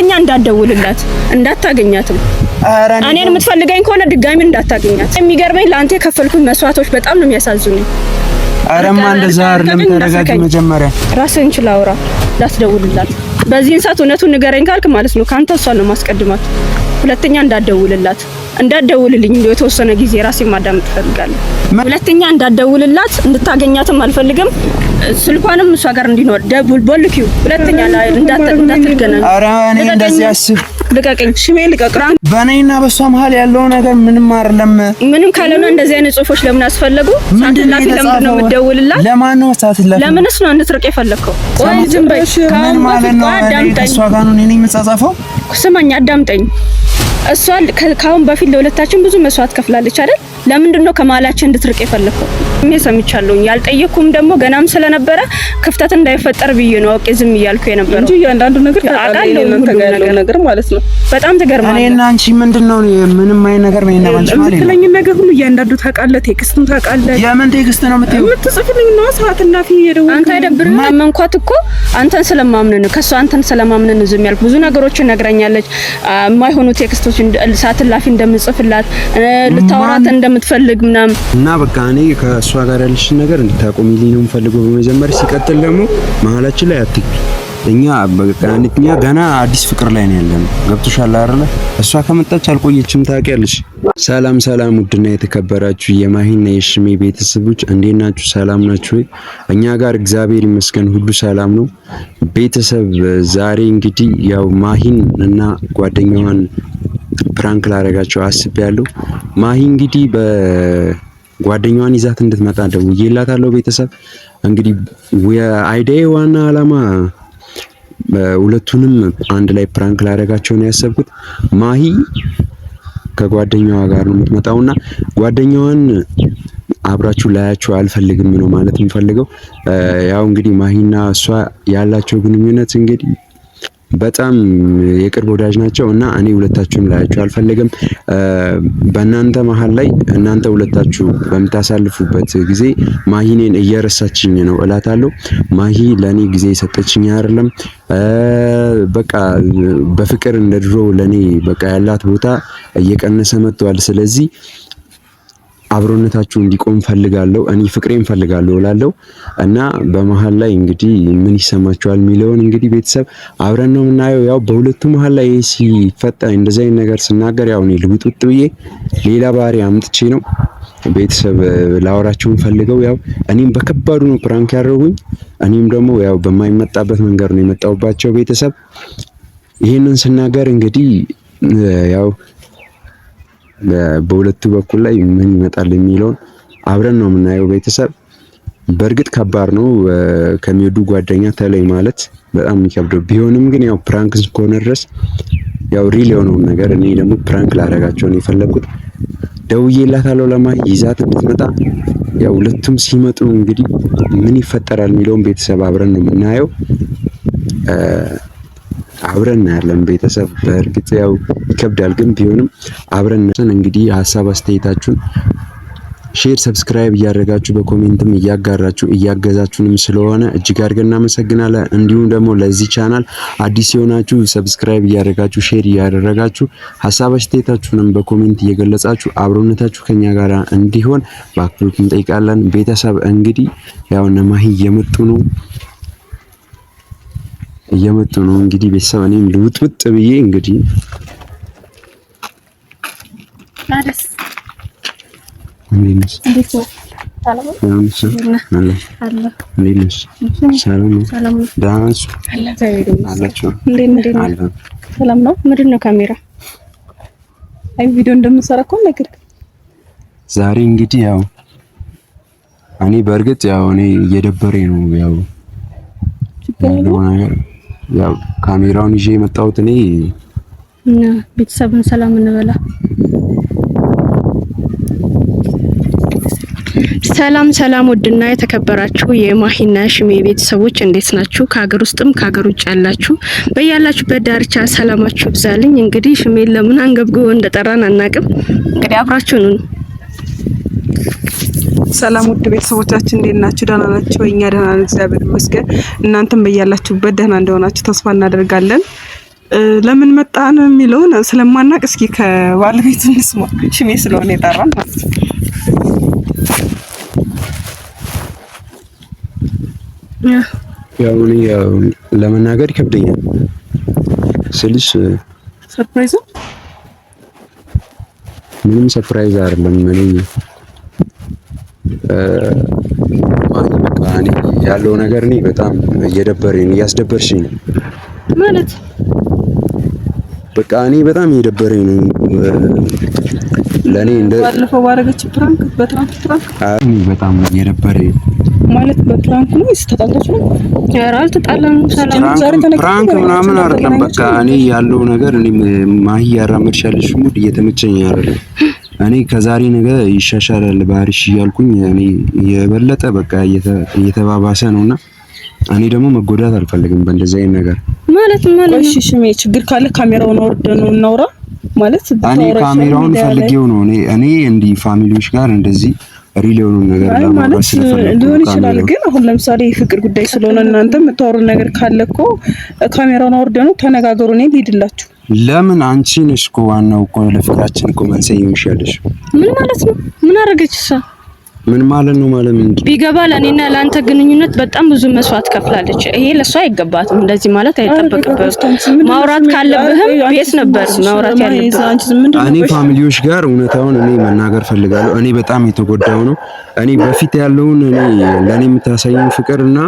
ሁለተኛ እንዳትደውልላት እንዳታገኛትም። እኔን የምትፈልገኝ ከሆነ ድጋሚ እንዳታገኛት። የሚገርመኝ ለአንተ የከፈልኩት መስዋዕቶች በጣም ነው የሚያሳዝኑኝ። አረማ እንደዛ አይደለም። ተረጋጊ መጀመሪያ ራስን ችላ አውራ። እንዳትደውልላት በዚህን ሰዓት እውነቱን ንገረኝ ካልክ ማለት ነው ከአንተ እሷን ነው ማስቀድማት። ሁለተኛ እንዳትደውልላት እንዳደውልልኝ እንደው የተወሰነ ጊዜ ራሴ ማዳመጥ እፈልጋለሁ። ሁለተኛ እንዳደውልላት እንድታገኛትም አልፈልግም። ስልኳንም እሷ ጋር እንዲኖር ደቡል ቦልኪው ሁለተኛ እንዳትገናኝ። ኧረ እኔ እንደዚህ አስብ ልቀቀኝ፣ ሽሜ ልቀቅራን። በእኔና በእሷ መሀል ያለው ነገር ምንም አይደለም። ምንም ካልሆነ እንደዚህ አይነት ጽሁፎች ለምን አስፈለጉ? ሳትላፊ ለምንድን ነው የምትደውልላት? ለማን ነው ሳትላፊ? ለምንስ ነው እንድትርቅ የፈለግከው? ቆይ ዝም በይ። ጋር ነው እኔ አዳምጠኝ እሷ ከአሁን በፊት ለሁለታችን ብዙ መስዋዕት ከፍላለች አይደል? ለምንድን ነው ከመሀላችን እንድትርቅ የፈለግከው? ሜ ሰምቻለሁኝ ያልጠየኩም ደግሞ ገናም ስለነበረ ክፍተት እንዳይፈጠር ብዬ ነው አውቄ ዝም እያልኩ የነበረው እንጂ እያንዳንዱ ነገር ታውቃለህ ነገር ማለት ነው። በጣም ትገርማለህ። እና አንቺ ምንድነው ምንም አይ ነገር ነው እና አንቺ ማለት ነው ነገር ሁሉ እያንዳንዱ ታውቃለህ። ቴክስቱን ታውቃለህ። የምን ቴክስት ነው የምትይው? የምትጽፍልኝ ነው ሰዓት እና ፊ የደወልኩ አንተ አይደብርም። ማመንኳት እኮ አንተን ስለማምነን ከሷ አንተን ስለማምነን ዝም ያልኩ ብዙ ነገሮችን ነግረኛለች። የማይሆኑ ቴክስቶች ሰዓት ላፊ እንደምጽፍላት ልታወራት እንደምትፈልግ ምናምን እና በቃ እኔ ከሷ ከእሷ ጋር ያለሽን ነገር እንድታቆሚልኝ ነው የምፈልገው በመጀመር ሲቀጥል ደግሞ መሀላችን ላይ አትግቢ። እኛ እኛ ገና አዲስ ፍቅር ላይ ነው ያለን። ገብቶሻል አይደለ? እሷ ከመጣች አልቆየችም ታውቂያለሽ። ሰላም ሰላም፣ ውድና የተከበራችሁ የማሂና የሽሜ ቤተሰቦች እንዴት ናችሁ? ሰላም ናችሁ ወይ? እኛ ጋር እግዚአብሔር ይመስገን ሁሉ ሰላም ነው። ቤተሰብ ዛሬ እንግዲህ ያው ማሂን እና ጓደኛዋን ፕራንክ ላደርጋቸው አስቤያለሁ። ማሂ እንግዲህ ጓደኛዋን ይዛት እንድትመጣ ደውዬላታለሁ። ቤተሰብ እንግዲህ የአይዲያ ዋና አላማ ሁለቱንም አንድ ላይ ፕራንክ ላደርጋቸው ነው ያሰብኩት። ማሂ ከጓደኛዋ ጋር ነው የምትመጣውና ጓደኛዋን አብራችሁ ላያችሁ አልፈልግም ነው ማለት የምፈልገው። ያው እንግዲህ ማሂና እሷ ያላቸው ግንኙነት እንግዲህ በጣም የቅርብ ወዳጅ ናቸው እና እኔ ሁለታችሁም ላያችሁ አልፈልግም። በእናንተ መሀል ላይ እናንተ ሁለታችሁ በምታሳልፉበት ጊዜ ማሂኔን እየረሳችኝ ነው እላታለሁ። ማሂ ለእኔ ጊዜ የሰጠችኝ አይደለም። በቃ በፍቅር እንደ ድሮ ለእኔ በቃ ያላት ቦታ እየቀነሰ መጥቷል። ስለዚህ አብሮነታችሁ እንዲቆም ፈልጋለሁ። እኔ ፍቅሬን ፈልጋለሁ እላለሁ እና በመሀል ላይ እንግዲህ ምን ይሰማችኋል የሚለውን እንግዲህ ቤተሰብ አብረን ነው የምናየው። ያው በሁለቱ መሀል ላይ ይህ ሲፈጣ እንደዚህ አይነት ነገር ስናገር ያው እኔ ልውጡጥ ብዬ ሌላ ባህሪ አምጥቼ ነው ቤተሰብ ላወራቸውን ፈልገው ያው እኔም በከባዱ ነው ፕራንክ ያደረጉኝ። እኔም ደግሞ ያው በማይመጣበት መንገድ ነው የመጣውባቸው። ቤተሰብ። ይህንን ስናገር እንግዲህ ያው በሁለቱ በኩል ላይ ምን ይመጣል የሚለውን አብረን ነው የምናየው። ቤተሰብ በእርግጥ ከባድ ነው ከሚወዱ ጓደኛ ተለይ ማለት በጣም የሚከብደው ቢሆንም ግን ያው ፕራንክ እስከሆነ ድረስ ያው ሪል የሆነውን ነገር እኔ ደግሞ ፕራንክ ላደርጋቸው ነው የፈለግኩት። ላታለው ለማ ይዛት እንድትመጣ ያው ሁለቱም ሲመጡ እንግዲህ ምን ይፈጠራል የሚለውን ቤተሰብ አብረን ነው የምናየው። አብረን እናያለን። ቤተሰብ በእርግጥ ያው ይከብዳል፣ ግን ቢሆንም አብረን እንግዲህ ሀሳብ አስተያየታችሁን ሼር፣ ሰብስክራይብ እያደረጋችሁ በኮሜንትም እያጋራችሁ እያገዛችሁንም ስለሆነ እጅግ አድርገን እናመሰግናለን። እንዲሁም ደግሞ ለዚህ ቻናል አዲስ የሆናችሁ ሰብስክራይብ እያደረጋችሁ ሼር እያደረጋችሁ ሀሳብ አስተያየታችሁንም በኮሜንት እየገለጻችሁ አብሮነታችሁ ከኛ ጋር እንዲሆን በአክብሮት እንጠይቃለን። ቤተሰብ እንግዲህ ያው ነማሂ እየመጡ ነው። እየመጡ ነው እንግዲህ ቤተሰብ። እኔም ልውጥውጥ ብዬ እንግዲህ ሰላም ነው። ምንድን ነው ካሜራ አይ ቪዲዮ እንደምንሰራ እኮ ነገር ዛሬ እንግዲህ ያው እኔ በእርግጥ ያው እኔ እየደበሬ ነው ያው ነገር ያው ካሜራውን ይዤ የመጣሁት እኔ ቤተሰብን ሰላም እንበላ። ሰላም ሰላም፣ ውድና የተከበራችሁ የማሂና ሽሜ ቤተሰቦች እንዴት ናችሁ? ከሀገር ውስጥም ከሀገር ውጭ ያላችሁ በያላችሁበት ዳርቻ ሰላማችሁ ይብዛልኝ። እንግዲህ ሽሜን ለምን አንገብግቦ እንደጠራን አናቅም። እንግዲህ አብራችሁን ሰላም ውድ ቤተሰቦቻችን እንዴት ናችሁ? ደህና ናቸው። እኛ ደህና ነን፣ እግዚአብሔር ይመስገን። እናንተም በያላችሁበት ደህና እንደሆናችሁ ተስፋ እናደርጋለን። ለምን መጣን የሚለውን ስለማናቅ እስኪ ከባለቤቱ እንስማ። ሽሜ ስለሆነ የጠራን ማለት ነው። ያው ለመናገር ይከብደኛል ስልሽ ሰርፕራይዝ ምንም ሰርፕራይዝ አይደለም እኔ እኔ ያለው ነገር እኔ በጣም እየደበረኝ እያስደበርሽኝ ነው ማለት በቃ እኔ በጣም እየደበረኝ ነው። ለእኔ እንደ ባለፈው ባረገች ፕራንክ በትራንክ ፕራንክ እኔ በጣም እየደበረኝ ማለት በፕራንክ ነው ተጣላችሁ ነው ያራል ተጣላም ሰላም ዛሬ ተነከረ ፕራንክ ምናምን አይደለም። በቃ እኔ ያለው ነገር እኔ ማሂ ያራመድሻለሽ ሙድ እየተመቸኝ አይደለም። እኔ ከዛሬ ነገ ይሻሻላል ባህሪሽ እያልኩኝ እኔ የበለጠ በቃ እየተባባሰ ነውና እኔ ደግሞ መጎዳት አልፈልግም በእንደዚህ አይነት ነገር ማለት ማለት እሺ፣ ሽሜ ችግር ካለ ካሜራውን አውርደ ነው እናውራ ማለት። እኔ ካሜራውን ፈልጌው ነው እኔ እኔ እንዲህ ፋሚሊዎች ጋር እንደዚህ ሪሊዮኑን ነገር ማለት ሊሆን ይችላል። ግን አሁን ለምሳሌ የፍቅር ጉዳይ ስለሆነ እናንተ የምታወሩ ነገር ካለ እኮ ካሜራውን አውርደ ነው ተነጋገሩ። እኔ ልሄድላችሁ። ለምን አንቺ ነሽ እኮ ዋናው እኮ ለፍቅራችን እኮ መንስኤ የሚሻለሽ ምን ማለት ነው? ምን አደረገች እሷ? ምን ማለት ነው? ማለት ምን ቢገባ ለኔና ለአንተ ግንኙነት በጣም ብዙ መስዋዕት ከፍላለች። ይሄ ለሷ አይገባትም። እንደዚህ ማለት አይጠበቅብህም። ማውራት ካለብህም ቤት ነበር ማውራት ያለብህ። እኔ ፋሚሊዎች ጋር እውነታውን እኔ መናገር ፈልጋለሁ። እኔ በጣም የተጎዳው ነው። እኔ በፊት ያለውን እኔ ለኔ የምታሳየኝ ፍቅር እና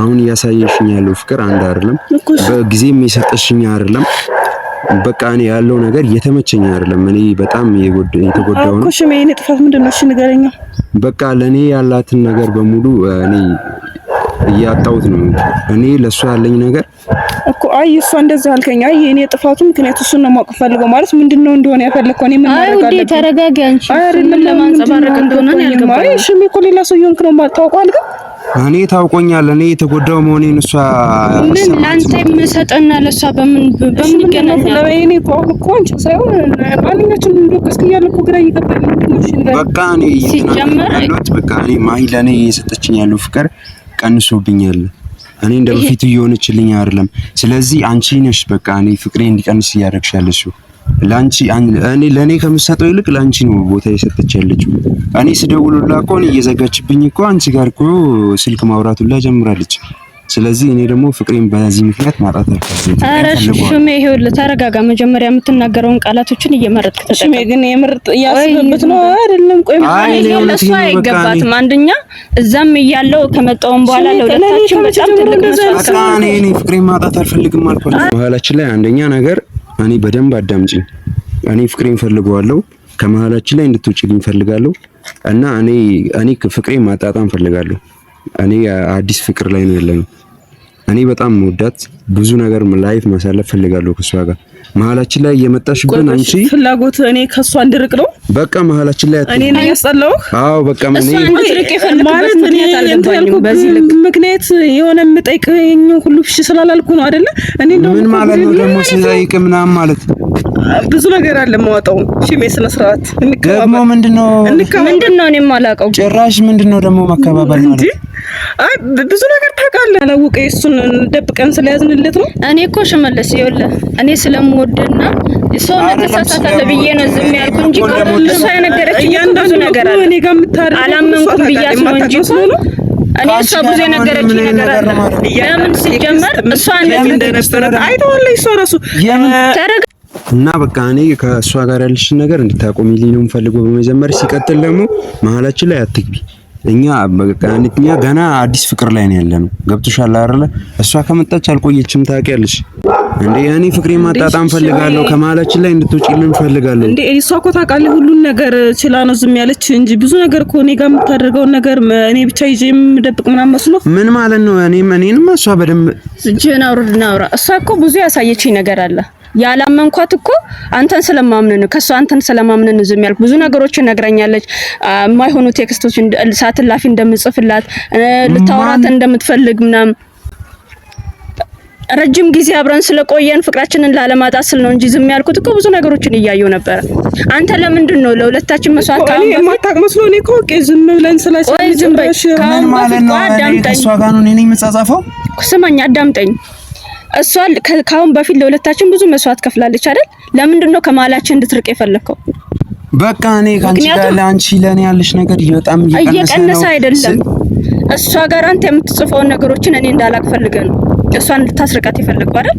አሁን እያሳየሽኝ ያለው ፍቅር አንድ አይደለም። በጊዜም የሰጠሽኝ አይደለም። በቃ እኔ ያለው ነገር የተመቸኝ አይደለም። እኔ በጣም የተጎዳው ነው። እሺ ምን ጥፋት ምንድን ነው? እሺ ንገረኝ። በቃ ለእኔ ያላትን ነገር በሙሉ እኔ እያጣሁት ነው። እኔ ለእሷ ያለኝ ነገር እኮ አይ እሷ እንደዛ አልከኝ። አይ እኔ ጥፋቱ ምክንያት እሱን ነው ማወቅ ፈልገው ማለት ምንድን ነው እንደሆነ ያፈለከው እኔ ምን ማድረግ አለብኝ? አይ ተረጋጋ። አንቺ ምን ለማንጸባረቅ እንደሆነ ነው ያልገባኝ። አይ እሺ ምን እኮ ሌላ ሰው ይሆንክ ነው የማታውቀው አልከኝ እኔ ታውቆኛል። እኔ የተጎዳው መሆኔን እሷ ምን ለአንተ የምሰጠና ለእሷ በምን በምን በቃ እኔ ለእኔ ያለው ፍቅር ቀንሶብኛል። እኔ እንደ በፊት እየሆነችልኝ አይደለም። ስለዚህ አንቺ ነሽ በቃ እኔ ፍቅሬ እንዲቀንስ እያደረግሽ ያለሽው ላንቺ እኔ ለኔ ከምሰጠው ይልቅ ላንቺ ነው ቦታ የሰጠች ያለችው። እኔ ስደውልላ እኮ እየዘጋችብኝ እኮ አንቺ ጋር እኮ ስልክ ማውራቱላ ጀምራለች። ስለዚህ እኔ ደግሞ ፍቅሬን በዚህ ምክንያት ማጣት አልፈልግም። ኧረ ሹሜ ይኸውልህ ተረጋጋ። መጀመሪያ የምትናገረውን ቃላቶችን እየመረጥክ ተጠቀም። ሹሜ ግን የምርጥ ያስብበት ነው አይደለም? ቆይ ለእሱ አይገባትም። አንደኛ እዛም እያለው ከመጣውን በኋላ ለሁለታችን በጣም ትልቅ መስዋዕት። እኔ ፍቅሬን ማጣት አልፈልግም አልኳት። በኋላችን ላይ አንደኛ ነገር እኔ በደንብ አዳምጪኝ። እኔ ፍቅሬን ፈልገዋለሁ። ከመሀላችን ላይ እንድትውጪልኝ ፈልጋለሁ እና እኔ እኔ ፍቅሬን ማጣጣም ፈልጋለሁ። እኔ አዲስ ፍቅር ላይ ነው ያለኝ። እኔ በጣም መውዳት ብዙ ነገር ላይፍ ማሳለፍ ፈልጋለሁ ከሷ ጋር መሀላችን ላይ እየመጣሽብን አንቺ ፍላጎት እኔ ከሷ እንድርቅ ነው። በቃ መሀላችን ላይ እኔ ነው ያስጠላው። አዎ በቃ እኔ ማለት እኔ ምክንያት የሆነ የምጠይቀኝ ሁሉ ፍሽ ስላላልኩ ነው አይደለ? እኔ ምን ማለት ነው ደግሞ ሲጠይቅ ምናምን ማለት ብዙ ነገር አለ የማወጣው። እሺ ሜ ስነ ስርዓት ደግሞ ምንድነው ምንድነው እኔ የማላውቀው ጭራሽ ምንድነው ደግሞ መከባበል ማለት አይ ብዙ ነገር ታውቃለህ። አላወቀ እሱን ደብቀን ስለያዝንለት ነው። እኔ እኮ ሽመለስ ይኸውልህ፣ እኔ ስለምወድና ሰው ለተሳሳተ ብዬ ነው ዝም ያልኩ እንጂ እሷ የነገረችኝ ብዙ ነገር አለ። እኔ ጋር የምታደርገው አላመንኩም ብያት ነው እንጂ እኔ እሷ ብዙ የነገረችኝ ነገር አለ። ለምን ሲጀመር እሷ እንደዚህ እንደነበረ አይተዋለሁ። እሷ ራሱ ተረጋ እና በቃ እኔ ከእሷ ጋር ያለሽን ነገር እንድታቆሚልኝ ነው የምፈልገው በመጀመር ሲቀጥል ደግሞ መሀላችን ላይ አትግቢ። እኛ እኛ ገና አዲስ ፍቅር ላይ ነው ያለነው። ገብቶሻል አይደለ? እሷ ከመጣች አልቆየችም። ታውቂያለሽ እንዴ እኔ ፍቅሬ ማጣጣም ፈልጋለሁ፣ ከመሀላችን ላይ እንድትወጪልን ፈልጋለሁ። እንዴ እሷ እኮ ታውቃለህ፣ ሁሉን ነገር ችላ ነው ዝም ያለች እንጂ ብዙ ነገር እኮ እኔ ጋር የምታደርገውን ነገር እኔ ብቻ ይዤ የምደብቅ ምናምን መስሎ ምን ማለት ነው? እኔም እኔንም እሷ በደንብ እጅህን አውርድ እና እሷ እኮ ብዙ ያሳየችኝ ነገር አለ ያላመንኳት እኮ አንተን ስለማምንን ከሱ አንተን ስለማምንን ዝም ያልኩ። ብዙ ነገሮችን ነግረኛለች። የማይሆኑ ቴክስቶች ሳትላፊ እንደምጽፍላት ልታወራት እንደምትፈልግ ምናም ረጅም ጊዜ አብረን ስለቆየን ፍቅራችንን ላለማጣት ስል ነው እንጂ ዝም ያልኩት እኮ ብዙ ነገሮችን እያየሁ ነበረ። አንተ ለምንድን ነው ለሁለታችን መስዋዕት ካሁን በፊት የማታውቅ መስሎ እኔ እኮ ቆይ ዝም ብለን ስላሽ ዝም በይ ካሁን ማለት ነው። እኔ ከእሷ ጋር ነው እኔ የምጻጻፈው። ስማኝ፣ አዳምጠኝ እሷ ከአሁን በፊት ለሁለታችን ብዙ መስዋዕት ከፍላለች አይደል? ለምንድን ነው ከመሀላችን እንድትርቅ የፈለከው? በቃ እኔ ከአንቺ ጋር ለአንቺ ለእኔ ያለሽ ነገር በጣም እየቀነሰ አይደለም። እሷ ጋር አንተ የምትጽፈውን ነገሮችን እኔ እንዳላቅ ፈልገህ ነው እሷን ልታስርቃት የፈለከው አይደል?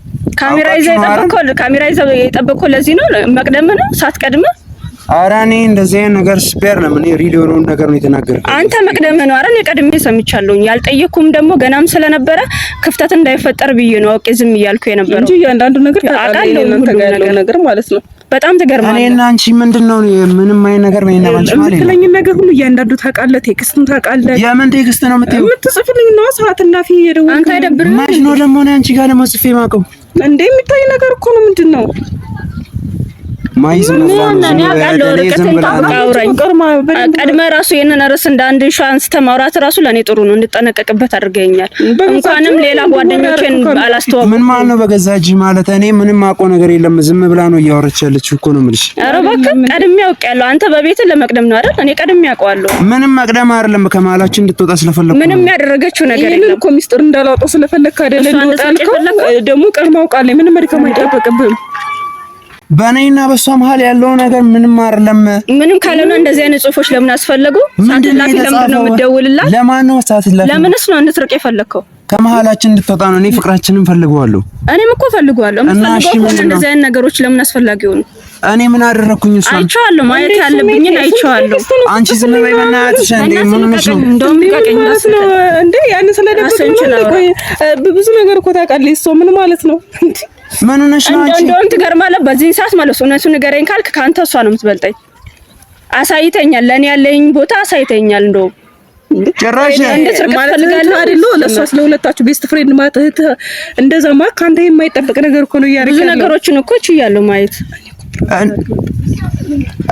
ካሜራ ይዘህ የጠበቅከው ካሜራ ይዘህ የጠበቅከው ለዚህ ነው መቅደም ነው ሳትቀድም ኧረ እኔ እንደዚህ ነገር ስፔር ነው። እኔ ሪል የሆነውን ነገር ነው የተናገርኩት። አንተ መቅደምህ ነው። ኧረ እኔ ቀድሜ ሰምቻለሁኝ። ያልጠየኩም ደግሞ ገናም ስለነበረ ክፍተት እንዳይፈጠር ብዬ ነው አውቄ ዝም እያልኩ የነበረው እንጂ እያንዳንዱ ነገር ታውቃለህ፣ እናንተ ጋር ያለው ነገር ማለት ነው። በጣም ትገርማለህ። እና አንቺ ምንድነው ምንም አይነት ነገር ነው እና አንቺ ማለት ነው ነገር ሁሉ እያንዳንዱ ታውቃለህ። ቴክስቱን ታውቃለህ። የምን ቴክስት ነው የምትይው? የምትጽፍልኝ ነው ሰዓት እና ፊ የደወልኩት አንተ አይደብርም? ማሽ ነው ደግሞ እኔ አንቺ ጋር ነው ጽፌ የማውቀው እንደ የሚታይ ነገር እኮ ነው። ምንድን ነው ማይዝ ራሱ ይህንን ርዕስ እንደ አንድ ሻንስ ተማውራት ራሱ ለእኔ ጥሩ ነው፣ እንድጠነቀቅበት አድርገኛል። እንኳንም ሌላ ጓደኞችን አላስተዋ ምን ማለት ነው በገዛ እጅ ማለት? እኔ ምንም አቆ ነገር የለም። ዝም ብላ ነው እያወረች ያለችው እኮ ነው የምልሽ። ኧረ እባክህ ቀድሜ አውቄያለሁ። አንተ በቤትን ለመቅደም ነው አይደል? እኔ ቀድሜ አውቀዋለሁ። ምንም መቅደም አይደለም። ከመሀላችን እንድትወጣ ስለፈለኩ ምንም ያደረገችው ነገር የለም። እኮ ሚስጥር እንዳላወጣው ስለፈለግ ካደለ ደግሞ ቀድማ አውቃለሁ። ምንም መድከም አይጠበቅብህም በእኔና በሷ መሀል ያለው ነገር ምንም አይደለም። ምንም ካልሆነ እንደዚህ አይነት ጽሁፎች ለምን አስፈለጉ? ሳትላፊ ለምንድን ነው የምትደውልላት? ለማን ነው ሳትላፊ? ለምንስ ነው እንድትርቅ የፈለግከው? ከመሀላችን እንድትወጣ ነው። እኔ ፍቅራችንን ፈልገዋለሁ። እኔም እኮ ፈልገዋለሁ። የምፈልገው እንደዚህ አይነት ነገሮች ለምን አስፈላጊ ሆኑ? እኔ ምን አደረኩኝ? እሷ አይቼዋለሁ፣ ማየት ያለብኝ አይቼዋለሁ። አንቺ ዝም በይ በእናትሽ። እንዴ ምን ሆነሽ ነው? እንደውም ይቀቀኛስ ነው እንዴ? ያን ብዙ ነገር እኮ ታውቃለህ። እሷ ምን ማለት ነው? ምን ነሽ ነው አንቺ? እንደውም ትገርማለህ። በዚህ ሰዓት ማለት ነው እውነቱን ንገረኝ ካልክ ከአንተ እሷ ነው የምትበልጠኝ። አሳይተኛል፣ ለእኔ ያለኝ ቦታ አሳይተኛል። እንደውም ጭራሽ ማለት ነው አይደል? ለእሷስ ለሁለታችሁ ቤስት ፍሬንድ ማለት እህት እንደዛ ማለት ከአንተ የማይጠበቅ ነገር እኮ ነው። ብዙ ነገሮችን እኮ ችያለሁ ማየት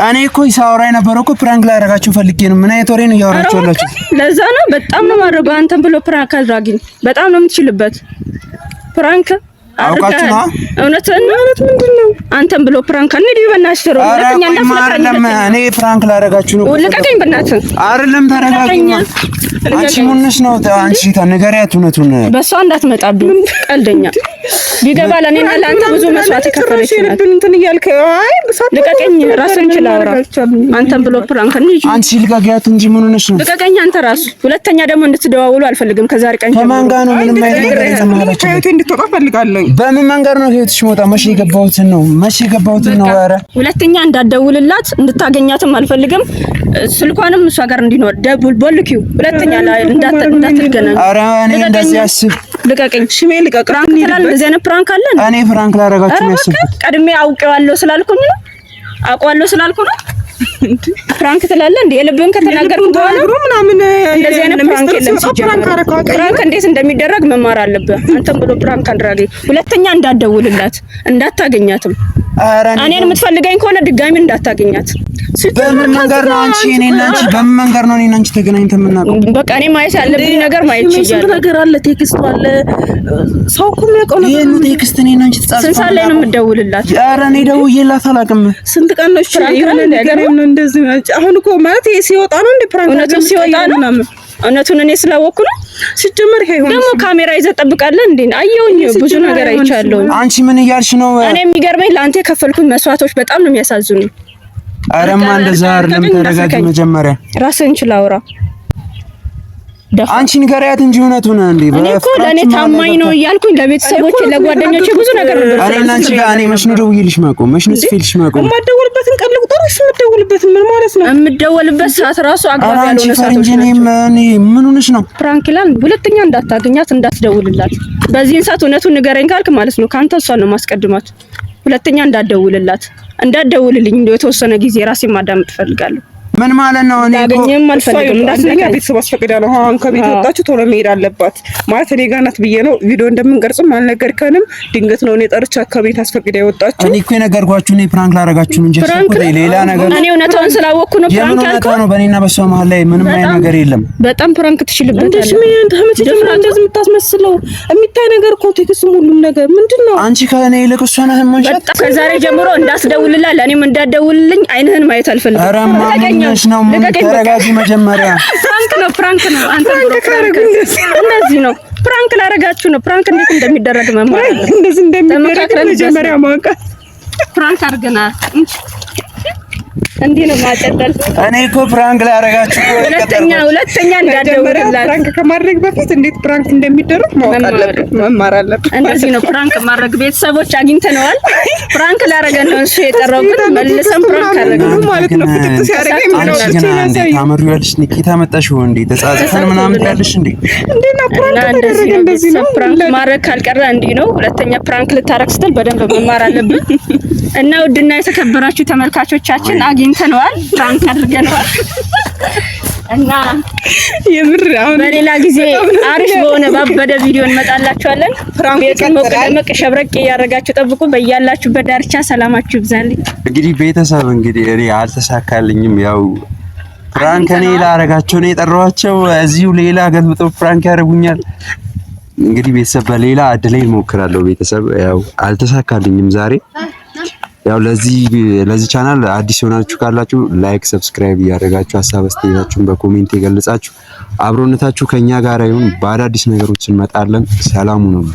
እኔ እኮ ሳወራ የነበረው እኮ ፕራንክ ላደርጋችሁ ፈልጌ ነው። ምን አይነት ወሬ ነው እያወራችሁ ያላችሁ? ለዛ ነው በጣም ነው የማደርገው። አንተም ብሎ ፕራንክ አድራጊኝ በጣም ነው የምትችልበት ፕራንክ አውቃችሁ ነው እውነት አንተም ብሎ ፕራንክ አንዴ ዲዩ በእናትህ ስሩ። እኔ ፕራንክ ላደርጋችሁ ነው። ልቀቀኝ በእናትህ። አይደለም አንቺ ሙንሽ ነው አንቺ እውነቱን እንዳትመጣብኝ። ቀልደኛ ቢገባ ለእኔና ለአንተ ብዙ መስዋዕት የከፈለች እንትን እያልክ ልቀቀኝ። ይችላል አውራ ብሎ ፕራንክ አንቺ ልቀቂያት እንጂ ነው? ልቀቀኝ አንተ ራሱ። ሁለተኛ ደግሞ እንድትደዋውሉ አልፈልግም። ከዛሬ ቀን ከማን ጋር ነው? ምንም አይነት ነገር እንድትወጣ በምን መንገድ ነው መቼ የገባሁትን ነው መቼ የገባሁትን ነው። ኧረ ሁለተኛ እንዳደውልላት እንድታገኛትም አልፈልግም። ስልኳንም እሷ ጋር እንዲኖር ደቡል ቦልኪው ሁለተኛ እንዳትገናኝ። ኧረ እኔ እንደዚህ አስብ ልቀቀኝ። ሽሜ ልቀቅ። ፕራንክ ትላለህ። እንደዚህ አይነት ፕራንክ አለ። እኔ ፕራንክ ላደርጋችሁ ነው ያሰብኩት። ቀድሜ አውቄዋለሁ ስላልኩኝ ነው። አውቀዋለሁ ስላልኩ ነው ፍራንክ ትላለህ እንዴ? የልብህን ከተናገርክ በኋላ ምናምን እንደዚህ አይነት ፍራንክ የለም። ሲጀምር ፍራንክ እንዴት እንደሚደረግ መማር አለብህ። አንተም ብሎ ፍራንክ አድራጊ፣ ሁለተኛ እንዳደውልላት እንዳታገኛትም። እኔን የምትፈልገኝ ከሆነ ድጋሚ እንዳታገኛት በምን መንገድ ነው አንቺ እኔና አንቺ በምን መንገድ ነው እኔና አንቺ ተገናኝተን የምናውቀው? በቃ እኔ ማየት ያለብኝ ነገር ማየት ይችላል። ስንት ነገር አለ፣ ቴክስት አለ፣ ሰው እኮ የሚያውቀው ነገር ይሄን ቴክስት እኔና አንቺ ተጻጻፈ። ስንት ሰዓት ላይ ነው የምትደውልላት? ኧረ እኔ ደውዬላት አላውቅም። ስንት ቀን ነው? የሆነ ነገር ነው እንደዚህ። አሁን እኮ ማለት ይሄ ሲወጣ ነው እንደ ፕራንክ ነው ሲወጣ ነው እውነቱን እኔ ስላወቅኩ ነው። ሲጀመር ይሄ ደግሞ ካሜራ ይዘህ ጠብቃለህ እንዴ? አየሁኝ፣ ብዙ ነገር አይቻለሁ። አንቺ ምን እያልሽ ነው? እኔ የሚገርመኝ ለአንተ የከፈልኩኝ መስዋዕቶች በጣም ነው የሚያሳዝኑኝ። አረማ እንደዛ አይደለም። ተረጋጊ መጀመሪያ ራስን ችላ አውራ። አንቺ ንገሪያት እንጂ እውነቱን አንዴ። እኔ እኮ ለእኔ ታማኝ ነው እያልኩኝ ለቤተሰቦቼ ለጓደኞቼ ብዙ ነገር ነገር አለ። እኔ አንቺ ጋር እኔ መች ነው ደውዬልሽ ማቆ መች ነው ጽፌልሽ ማቆ የማትደውልበትን ቀን ልቁጠር። እሺ የምትደውልበትን ምን ማለት ነው? የምትደውልበት ሰዓት ራሱ አግባብ ነው። ሰዓት ነው። እኔ ምን ሆነሽ ነው? ፍራንክላን ሁለተኛ እንዳታገኛት እንዳትደውልላት። በዚህን ሰዓት እውነቱን ንገረኝ ካልክ ማለት ነው ካንተ እሷን ነው ማስቀድማት ሁለተኛ እንዳደውልላት እንዳደውልልኝ እንደው የተወሰነ ጊዜ ራሴ ማዳመጥ እፈልጋለሁ። ምን ማለት ነው? እኔ እኮ ቤተሰብ አስፈቅዳ ነው አሁን ከቤት ወጣችሁ ቶሎ መሄድ አለባት ማለት እኔ ጋር ናት ብዬ ነው። ቪዲዮ እንደምንቀርጽም አልነገርከንም። ድንገት ነው እኔ ጠርቻ ከቤት አስፈቅዳ የወጣችሁ። እኔ እኮ የነገርኳችሁ እኔ ፕራንክ ላደርጋችሁ እንጂ ሌላ ነገር እኔ እውነታውን ስላወቅኩ ነው። ፕራንክ ያልኩ ነው። በእኔና በሷ መሀል ላይ ምንም አይነት ነገር የለም። በጣም ፕራንክ ምን ጀምራ እንደዚህ የምታስመስለው የሚታይ ነገር እኮ ኮንቴክስቱም ሁሉም ነገር ምንድን ነው? አንቺ ከእኔ ይልቅ እሷ ነህ። ከዛሬ ጀምሮ እንዳትደውልላ ለእኔም እንዳትደውልልኝ አይንህን ማየት አልፈልግም። ሆነሽ ነው? ተረጋጊ መጀመሪያ። ፍራንክ ነው ፍራንክ ነው። አንተ ፍራንክ እንደዚህ ነው ፍራንክ ላረጋችሁ ነው። ፍራንክ እንዴት እንደሚደረግ መማር እንደዚህ እንደሚደረግ መጀመሪያ ማወቅ ፍራንክ አድርገናል። እንዲህ ነው ማጨጠል። እኔ እኮ ፕራንክ ላይ ሁለተኛ ሁለተኛ ፕራንክ ከማድረግ በፊት እንዴት ፕራንክ እንደሚደረግ ማወቅ አለብን፣ መማር አለብን። እንደዚህ ነው ፕራንክ ማድረግ። ቤተሰቦች አግኝተነዋል። ፕራንክ ላረገን ነው እሱ የጠራው፣ መልሰን ፕራንክ ማለት ነው። ፍጥጥ ያልሽ ኒኪታ መጣሽ ሆ እንዴ ተጻጽፈን ምናምን ያልሽ እንዴ እንዴ ፕራንክ ተደረገ። እንደዚህ ነው ፕራንክ ማድረግ ካልቀረ እንዲህ ነው። ሁለተኛ ፕራንክ ልታረግ ስትል በደንብ መማር አለብን እና ውድና የተከበራችሁ ተመልካቾቻችን አግኝ አግኝተነዋል፣ ፍራንክ አድርገነዋል እና የምር አሁን በሌላ ጊዜ አሪፍ በሆነ ባበደ ቪዲዮ እንመጣላችኋለን። ቤቱን ሞቅ ደመቅ ሸብረቅ እያደረጋችሁ ጠብቁ። በያላችሁበት ዳርቻ ሰላማችሁ ይብዛልኝ። እንግዲህ ቤተሰብ እንግዲህ እኔ አልተሳካልኝም። ያው ፍራንክ እኔ ላደርጋቸው ነው የጠራኋቸው። እዚሁ ሌላ ገልብጦ ፍራንክ ያደርጉኛል። እንግዲህ ቤተሰብ በሌላ እድሌ እሞክራለሁ። ቤተሰብ ያው አልተሳካልኝም ዛሬ ያው ለዚህ ለዚህ ቻናል አዲስ የሆናችሁ ካላችሁ ላይክ፣ ሰብስክራይብ እያደረጋችሁ ሀሳብ አስተያየታችሁን በኮሜንት የገለጻችሁ አብሮነታችሁ ከኛ ጋር ይሁን። በአዳዲስ ነገሮች እንመጣለን። ሰላሙ ነው።